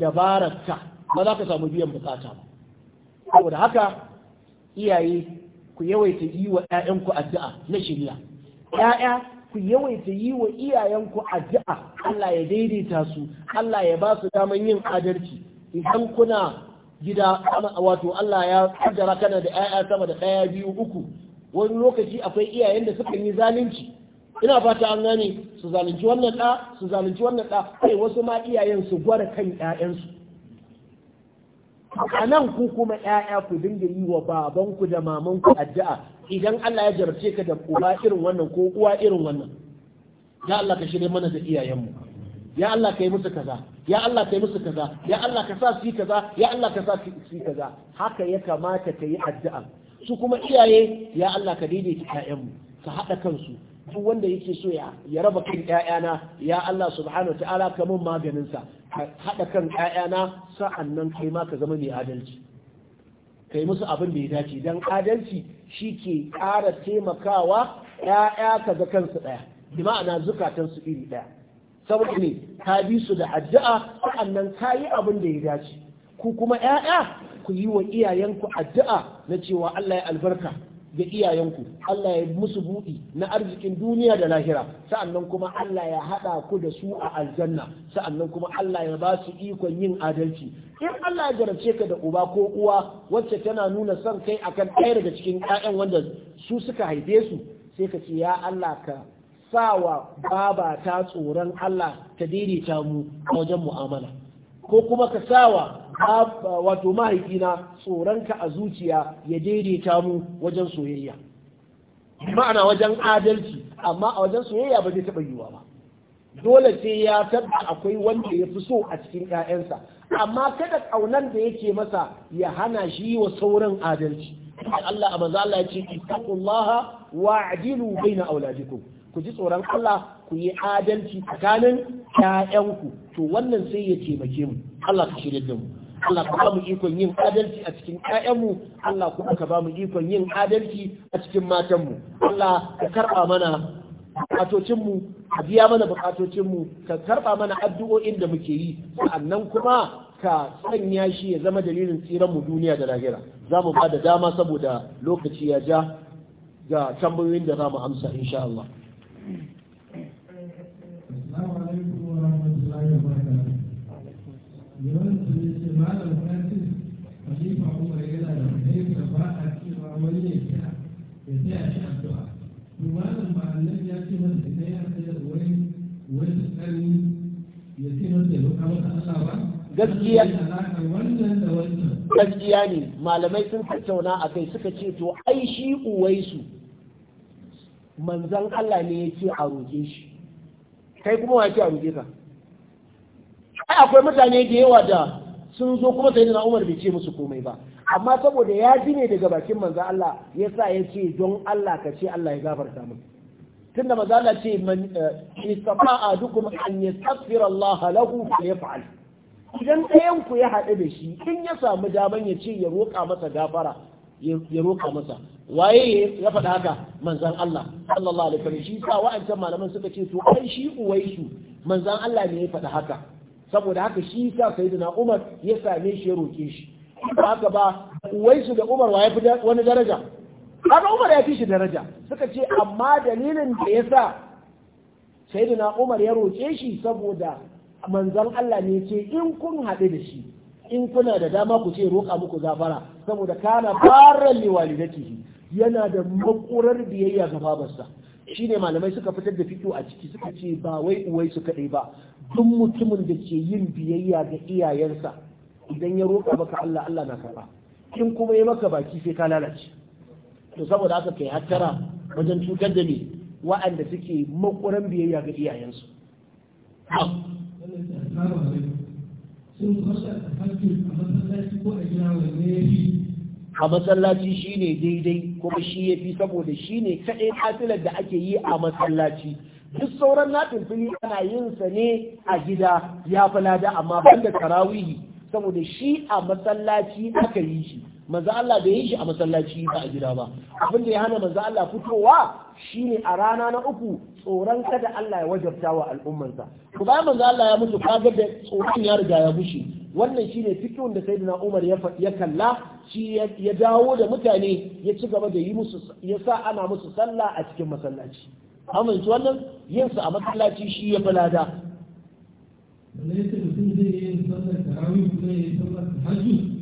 ka ba za ka samu biyan bukata ba saboda haka iyaye ku yawaita yi wa 'ya'yanku addu'a na shirya 'ya'ya ku yawaita yi wa iyayenku addu'a Allah ya daidaita su Allah ya ba su daman yin adalci idan kuna gida wato Allah ya kaddara kana da 'ya'ya sama da ɗaya biyu uku wani lokaci akwai iyayen da suka yi zalunci ina fata an gane su zalunci wannan ɗa su zalunci wannan ɗa kai wasu ma iyayen su gwada kan 'ya'yansu a nan ku kuma ‘ya'ya ku dinga yi wa babanku da mamanku addu'a idan Allah ya jarce ka da uba irin wannan ko uwa irin wannan ya Allah ka shirye mana da iyayenmu ya Allah ka yi musu kaza ya Allah ka yi musu kaza ya Allah ka sa su yi kaza ya Allah ka sa su yi kaza haka ya kamata ka yi addu'a su kuma iyaye ya Allah ka daidaita ‘ya'yanmu ka haɗa kansu duk wanda yake so ya ya raba kan ƴaƴana ya Allah subhanahu ta'ala ka mun maganin sa hada kan ƴaƴana sa'annan kai ma ka zama mai adalci kai musu abin da ya dace dan adalci shike ƙara taimakawa ƴaƴa ka ga kansu ɗaya bi ma'ana zukatan su iri ɗaya saboda ne ka bi su da addu'a sa'annan ka yi abin da ya dace ku kuma ƴaƴa ku yi wa iyayenku addu'a na cewa Allah ya albarka ga iyayenku Allah ya musu buɗi na arzikin duniya da lahira sa'annan kuma Allah ya haɗa ku da su a aljanna sa'annan kuma Allah ya ba su ikon yin adalci in Allah ya jarabce ka da uba ko uwa wacce tana nuna son kai akan ɗaya daga cikin ƴaƴan wanda su suka haife su sai ka ce ya Allah ka sawa baba ta tsoron Allah ta daidaita mu a wajen mu'amala ko kuma ka sawa wato mahaifina tsoronka a zuciya ya daidaita mu wajen soyayya ma'ana wajen adalci amma a wajen soyayya ba zai taɓa yiwuwa ba dole sai ya tabba akwai wanda ya fi so a cikin 'ya'yansa amma kada ƙaunar da yake masa ya hana shi wa sauran adalci Allah a maza Allah ya ce ittaqullaha wa'dilu baina auladikum ku ji tsoron Allah ku yi adalci tsakanin 'ya'yanku to wannan sai ya taimake mu Allah ka shirye da mu Allah ka ba mu ikon yin adalci a cikin ƴaƴanmu Allah kuma ka ba mu ikon yin adalci a cikin matanmu Allah ka karɓa mana bukatocinmu ka biya mana bukatocinmu ka karɓa mana addu'o'in da muke yi sa'annan kuma ka sanya shi ya zama dalilin tsiranmu duniya da lahira za mu ba da dama saboda lokaci ya ja ga tambayoyin da za mu amsa insha Allah. gaskiya ne malamai sun tattauna a kai suka ce to ai shi uwaisu manzan Allah ne ya ce a roƙe shi kai kuma wa ce a roƙe ka ai akwai mutane da yawa da sun zo kuma sai da Umar bai ce musu komai ba amma saboda ya ji ne daga bakin manzan Allah ya sa ya ce don Allah ka ce Allah ya gafarta mu tun da maza Allah ce eh, istafa'a dukum an yastaghfira Allah lahu falyaf'al idan ɗayan ku ya haɗu da shi in ya samu daman ya ce ya roƙa masa gafara ya roƙa masa waye ya faɗa haka manzan Allah sallallahu alaihi wasallam shi sa wa'ancan malaman suka ce to ai shi uwaisu manzan Allah ne ya faɗa haka saboda haka shi sa sayyidina Umar ya same shi ya roƙe shi haka ba uwaisu da Umar waye fi wani daraja kaga Umar ya fi shi daraja suka ce amma dalilin da ya sa na Umar ya roƙe shi saboda manzan Allah ne ce in kun haɗe da shi in kuna da dama ku ce roƙa muku zafara, saboda kana barar da walidatihi yana da makurar biyayya ga babarsa ne malamai suka fitar da fito a ciki suka ce ba wai uwai su kaɗai ba duk mutumin da ke yin biyayya ga iyayensa idan ya roƙa maka Allah Allah na karɓa in kuma ya maka baki sai ka lalace to saboda aka kai hattara wajen cutar da ni wa'anda suke makuran biyayya ga iyayensu a masallaci shi ne daidai kuma shi ya fi saboda shi ne kaɗai katilar da ake yi a masallaci duk sauran natin fili ana yin sa ne a gida ya fi lada amma ban da tarawihi saboda shi a masallaci aka yi shi manzo Allah bai yi shi a masallaci ba a gida ba abin da ya hana manzo Allah fitowa shine a rana na uku tsoron kada Allah ya wajabta wa al'ummarsa to bayan manzo Allah ya mutu ga da tsoron ya riga ya bushe wannan shine fikihun da sayyidina Umar ya ya kalla shi ya dawo da mutane ya ci gaba da yi musu ya sa ana musu sallah a cikin masallaci amince wannan yin sa a masallaci shi ya balada da mutum zai yi sallar tarawih ne sallar tahajjud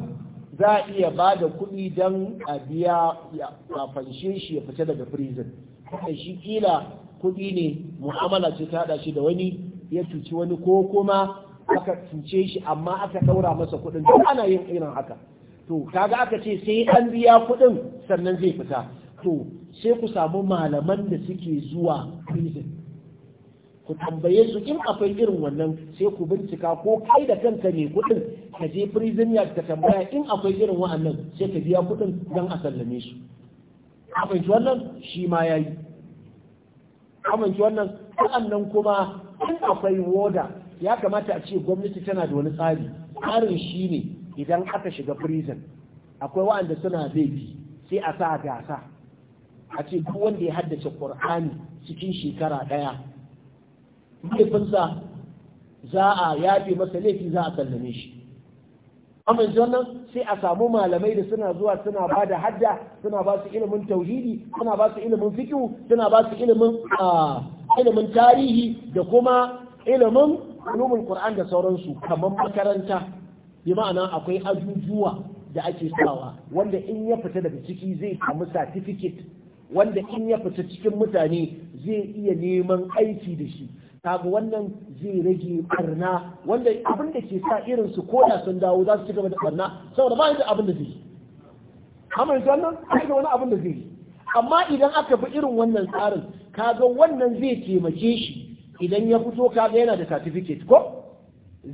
za a iya ba da kuɗi don a biya a fanshe shi ya fita daga prison da shi kila kuɗi ne mu'amala ce ta haɗa shi da wani ya cuci wani ko kuma aka cuce shi amma aka ɗaura masa kuɗin duk ana yin irin haka to kaga aka ce sai an biya kuɗin sannan zai fita to sai ku samu malaman da suke zuwa prison ku tambaye su in akwai irin wannan sai ku bincika ko kai da kanka ne kuɗin ka je prison yard ka tambaya in akwai irin wa'annan sai ka biya kuɗin don a sallame su amince wannan shi ma ya yi amince wannan sa'annan kuma in akwai woda ya kamata a ce gwamnati tana da wani tsari tsarin shi ne idan aka shiga prison akwai wa'anda suna laifi sai a sa gasa a ce duk wanda ya haddace Kur'ani cikin shekara ɗaya laifinsa za a yafe masa laifi za a sallame shi amma wannan sai a samu malamai da suna zuwa suna ba da hadda suna ba su ilimin tauhidi suna ba su ilimin fikihu suna ba su ilimin ilimin tarihi da kuma ilimin ulumul qur'an da sauransu kamar makaranta bi ma'ana akwai ajujuwa da ake sawa wanda in ya fita daga ciki zai samu certificate wanda in ya fita cikin mutane zai iya neman aiki da shi kaga wannan zai rage barna wanda abin da ke sa irin su koda sun dawo za su ci gaba da barna saboda ba yadda abin da zai yi amma yanzu wannan ai da wani abin da zai yi amma idan aka fi irin wannan tsarin kaga wannan zai taimake shi idan ya fito kaga yana da certificate ko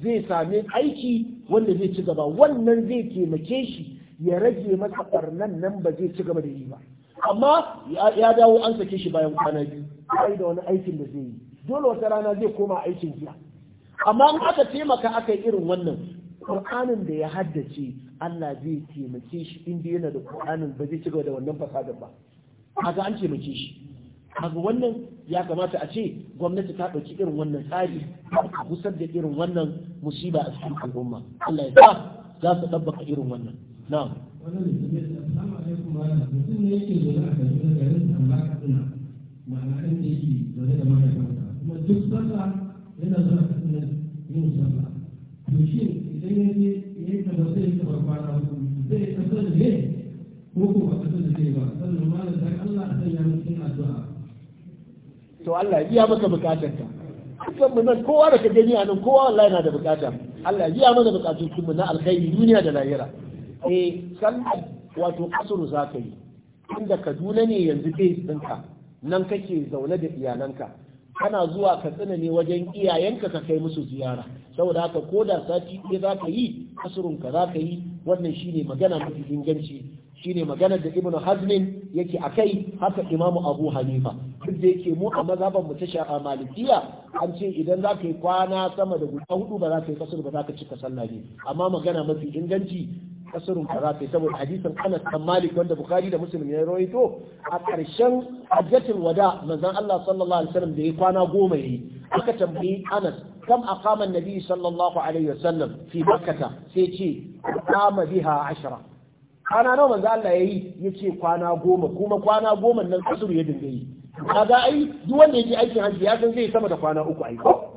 zai sami aiki wanda zai ci gaba wannan zai taimake shi ya rage masa barnan nan ba zai ci gaba da yi ba amma ya dawo an sake shi bayan kwana biyu sai da wani aikin da zai yi dole wata rana zai koma aikin jiya amma in aka taimaka aka yi irin wannan ƙur'anin da ya haddace Allah zai taimake shi inda yana da kur'anin ba zai cigaba da wannan fasada ba kaga an taimake shi kaga wannan ya kamata a ce gwamnati ta ɗauki irin wannan tsari a kusar da irin wannan musiba a cikin al'umma Allah ya sa za su ɗabbaka irin wannan na'am mutum ne ke ma'ana da kuma duk sallah yana zuwa kasar yin sallah to shi idan ya je ya yi kamar zai yi kamar kwana zai kasar ne ko kuma kasar da zai ba sannan ma da zai Allah a sanya mutum addu'a to Allah ya biya maka kan kanmu nan kowa da ka gani a nan kowa wallahi na da bukata Allah ya mana bukatun mu na alkhairi duniya da lahira eh sallar wato asuru za ka yi inda Kaduna ne yanzu base ɗinka nan kake zaune da iyalanka kana zuwa ka tsina ne wajen iyayenka ka kai musu ziyara saboda haka ko da sati ɗaya za ka yi ka za ka yi wannan shine magana mafi inganci shine maganar da ibnu hazmin yake kai haka imamu abu hanifa duk da yake mu a mazhaban mu ta sha'a malikiya an ce idan za ka yi kwana sama da guda hudu ba za ka yi kasar ba za ka cika sallah ne amma magana mafi inganci kasurun kaza ce saboda hadisin Anas dan Malik wanda Bukhari da Muslim ya rawaito a ƙarshen hajjatul wada manzon Allah sallallahu alaihi wasallam da ya kwana goma yi aka tambayi Anas kam aqama an-nabi sallallahu alaihi wasallam fi makkah sai ce qama biha ashra kwana nawa manzo Allah yayi yace kwana goma kuma kwana goma nan kasuru ya dinga yi kaga ai duk wanda yake aikin hajji ya san zai sama da kwana uku ai ko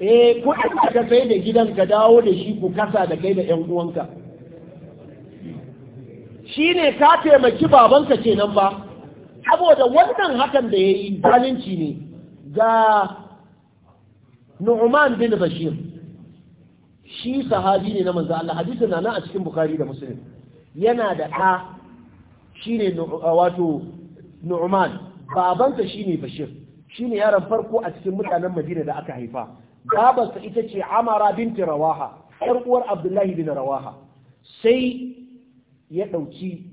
eh kuɗin da ka sai da gidan ka dawo da shi ku kasa da kai da ƴan uwanka shi ne ka taimaki babanka kenan ba saboda wannan hakan da ya yi zalunci ne ga nu'man bin bashir shi sahabi ne na manzo Allah hadisi na nan a cikin bukhari da muslim yana da ɗa shine wato nu'man babansa shine bashir shine yaron farko a cikin mutanen madina da aka haifa babarsa ita ce amara binti rawaha 'yan uwar abdullahi bin rawaha sai ya ɗauki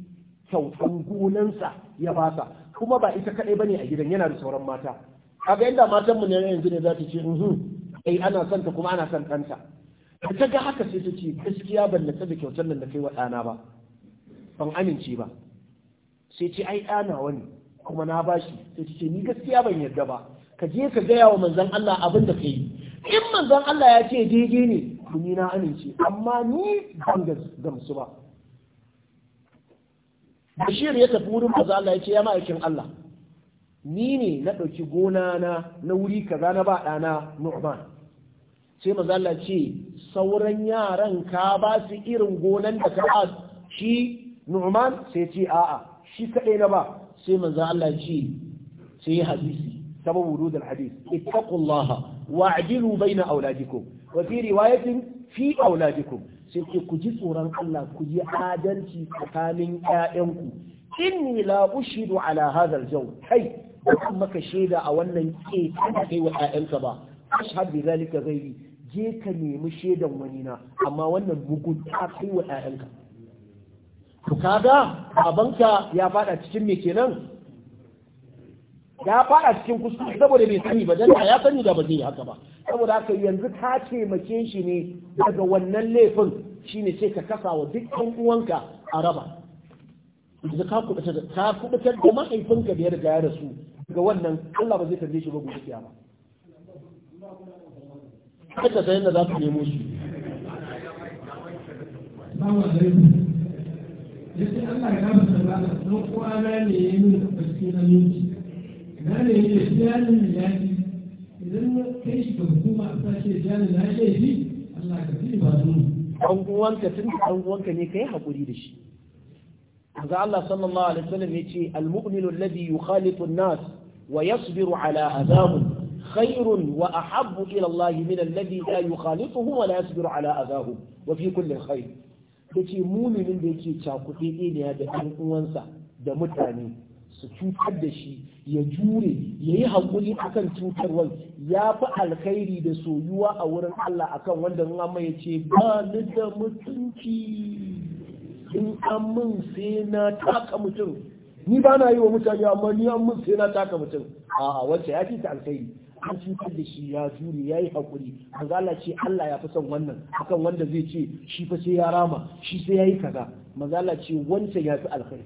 kyautan gonansa ya ba sa, kuma ba ita kaɗai ba ne a gidan yana da sauran mata A ga yadda matanmu ne yanzu ne za ta ce mhm ai eh, ana son ta kuma ana son ɗanta ta ga haka sai ta ce gaskiya ban na da kyautar nan da kai wa ɗana ba ban amince ba sai ce ai ɗana wani kuma na bashi sai ta ce ni gaskiya ban yarda ba ka je ka gaya wa manzon Allah abin da ka yi in manzon Allah ya ce daidai ne to ni na amince amma ni ban gamsu ba Bashir ya tafi wurin manzon Allah ya ce ya ma'aikin Allah ni ne na ɗauki gona na na wuri kaza na ba ɗana Nu'man sai manzon Allah ce sauran yaran ka ba su irin gonan da ka ba shi Nu'man sai ce a'a shi kaɗai na ba sai manzon Allah ce sai hadisi sababu wurudul hadis ittaqullaha wa'dilu baina auladikum wa fi riwayatin fi auladikum sai ku ji tsoron Allah ku yi adalci tsakanin ƴaƴanku inni la ushidu ala hadha al-jaw kai ban maka shaida a wannan ke kai wa ƴaƴanka ba ashhad bi zalika ghairi je ka nemi shaidan wani na amma wannan bugun ta kai wa ƴaƴanka to kaga babanka ya fada cikin me kenan ya fara cikin kuskure saboda bai sani ba dan ya sani da ba zai haka ba saboda haka yanzu ka taimake shi ne daga wannan laifin shine sai ka kasa wa dukkan uwanka a raba yanzu ka kubutar da ka kubutar da mahaifinka da ya ya rasu daga wannan Allah ba zai kalle shi ba gobe kiyama kada da yanda za ku nemo shi Allah ya gaba da ba, don kowa ne ya yi mini da gaskiya na gane yake shi yanin ya ji idan kai shi ga hukuma a sashe yanin ya shi shi Allah ka fi ba su an uwanka tun da uwanka ne yi hakuri da shi ga Allah sallallahu alaihi wasallam yace al-mu'minu alladhi yukhalitu an-nas wa yasbiru ala adahum خير وأحب إلى الله من الذي لا يخالطه ولا يصبر على أذاه وفي كل خير da ce muminin da yake cakuɗe ne da ɗan uwansa da mutane su cutar da shi ya jure ya yi haƙuri akan cutarwar ya fi alkhairi da soyuwa a wurin Allah a kan wanda ruwa ya ce ba ni da mutunci in an min sai na taka mutum ni ba na yi wa mutane amma ni an min sai na taka mutum a wacce ya fi ta alkhairi an cutar da shi ya jure ya yi haƙuri a Allah ce Allah ya fi son wannan akan wanda zai ce shi fa sai ya rama shi sai ya yi kaza mazala ce wancan ya fi alkhairi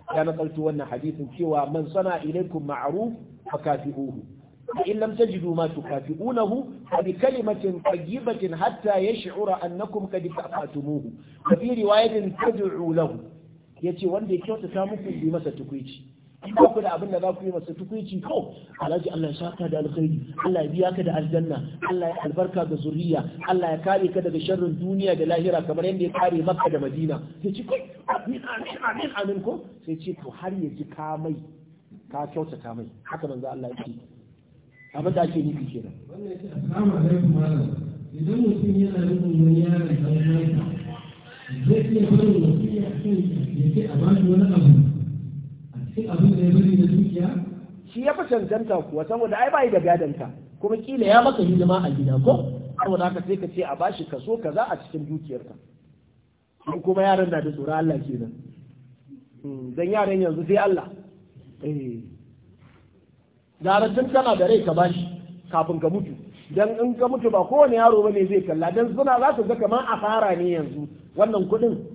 ya nakalto wannan hadisin cewa man sana ilaikum ma'ruf fakafi'uhu in lam tajidu ma tukafi'unahu bi kalimatin tayyibatin hatta yash'ura annakum qad kafatumuhu wa fi riwayatin tad'u lahu yace wanda ya kyautata muku bi masa tukuici in ku da abin da za ku yi masa tukunci ko alhaji Allah ya saka da alkhairi Allah ya biya ka da aljanna Allah ya albarka ga zuriya Allah ya kare ka daga sharrin duniya da lahira kamar yadda ya kare Makka da Madina sai ci kai amin amin amin amin ko sai ce to har ya ji ka mai ka kyauta ka mai haka manzo Allah ya ce abin da ake nufi kenan wannan ya ce assalamu alaikum malam idan mutum yana nufin wani yaron dan zai iya barin ya kan ya ce a bashi wani abu sai abin da ya bari da dukiya shi ya fi cancanta kuwa saboda ai bai da gadanta kuma kila ya maka hidima a gida ko saboda haka sai ka ce a bashi kaso kaza a cikin dukiyarka in kuma yaran na da tsoron Allah kenan hmm, dan yaran yanzu sai Allah zarar eh. tun tana da rai ka bashi kafin ka mutu dan in ka mutu ba kowane yaro ne zai kalla dan suna za su ga kamar fara ne yanzu wannan kuɗin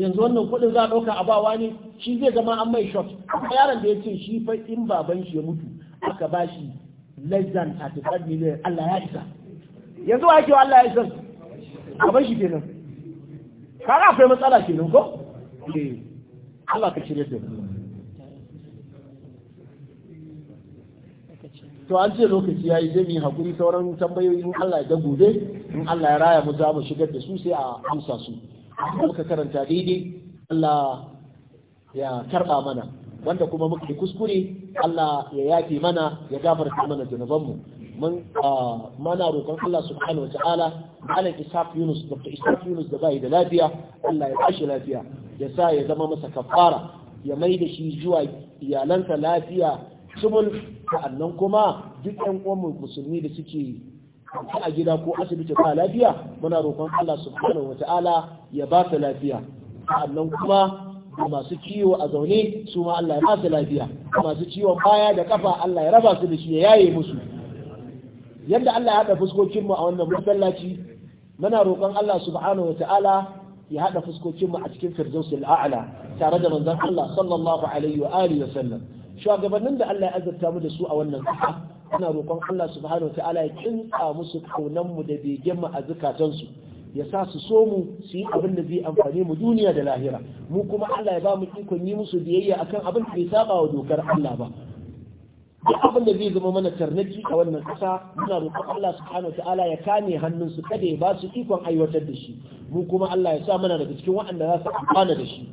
yanzu wannan kuɗin za a ɗauka a bawa ne shi zai zama an mai shot yaron da ya ce shi fa in baban shi ya mutu aka ba shi less than 35 million Allah ya isa yanzu wa yake Allah ya isa a bar shi kenan kaga akwai matsala kenan ko eh Allah ka cire da to an ce lokaci yayi zai mu hakuri sauran tambayoyin Allah ya dagu gobe in Allah ya raya mu za mu shigar da su sai a amsa su muka karanta daidai Allah ya karɓa mana wanda kuma muka yi kuskure Allah ya yafe mana ya gafarta mana zunubanmu mun ah, mana roƙon Allah subhanahu wa ta'ala malam Isaac Yunus Dr. Isaac Yunus da bai da lafiya Allah ya kashi lafiya ya sa ya zama masa kafara ya mai da shi zuwa iyalansa lafiya sumul sa'annan kuma duk ƴan uwan musulmi da suke ko a gida ko asibiti ba lafiya muna roƙon Allah subhanahu wata'ala ya ba ta lafiya sannan kuma da masu ciwo a zaune su ma Allah ya ba su lafiya masu ciwon baya da kafa Allah ya raba su da shi ya yaye musu yadda Allah ya haɗa fuskokin mu a wannan masallaci muna roƙon Allah subhanahu wata'ala ya haɗa fuskokin mu a cikin firdausul a'la tare da manzon Allah sallallahu alaihi wa alihi wa sallam shugabannin da Allah ya azurta mu da su a wannan kasa ina roƙon Allah subhanahu wa ya kinsa musu kaunan mu da begen mu a zukatansu ya sa su so mu su yi abin da zai amfani mu duniya da lahira mu kuma Allah ya ba mu ikon yi musu biyayya akan abin da bai saba wa dokar Allah ba duk abin da zai zama mana tarnaki a wannan ƙasa muna roƙon Allah subhanahu ya kame hannunsu kada ya ba su ikon aiwatar da shi mu kuma Allah ya sa mana daga cikin waɗanda za su amfana da shi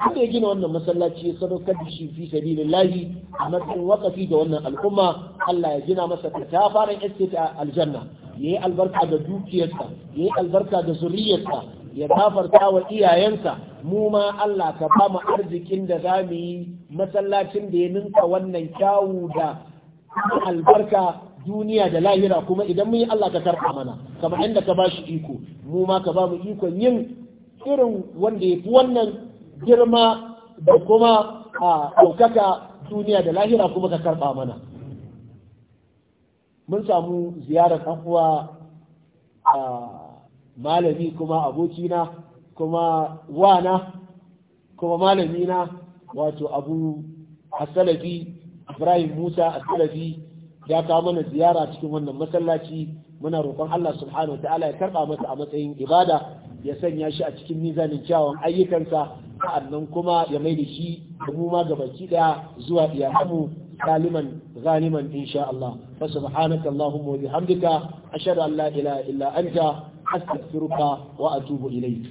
haka ya gina wannan masallaci ya sadaukar da shi fi sabilillahi a matsayin wakafi da wannan al'umma Allah ya gina masa katafaren estate a aljanna ya yi albarka da dukiyarsa ya yi albarka da zuriyarsa ya gafarta wa iyayensa mu ma Allah ka ba mu arzikin da za mu yi masallacin da ya ninka wannan kyawu da albarka duniya da lahira kuma idan mun yi Allah ka karɓa mana kamar inda ka ba shi iko mu ma ka ba mu ikon yin irin wanda ya fi wannan girma da kuma a ɗaukaka duniya da lahira kuma ka karɓa mana mun samu ziyarar ɗan a malami kuma abokina kuma wana kuma malamina wato abu Asalabi ibrahim musa Asalabi. ya kawo mana ziyara cikin wannan masallaci muna roƙon allah subhanahu wa ta'ala ya karɓa masa a matsayin ibada ya sanya shi a cikin mizanin kyawun ayyukansa sa'annan kuma ya mai da shi da mu ma gabaki daya zuwa iyakanmu saliman ghaniman insha Allah fa subhanaka allahumma wa bihamdika ashhadu an la ilaha illa anta astaghfiruka wa atubu ilayk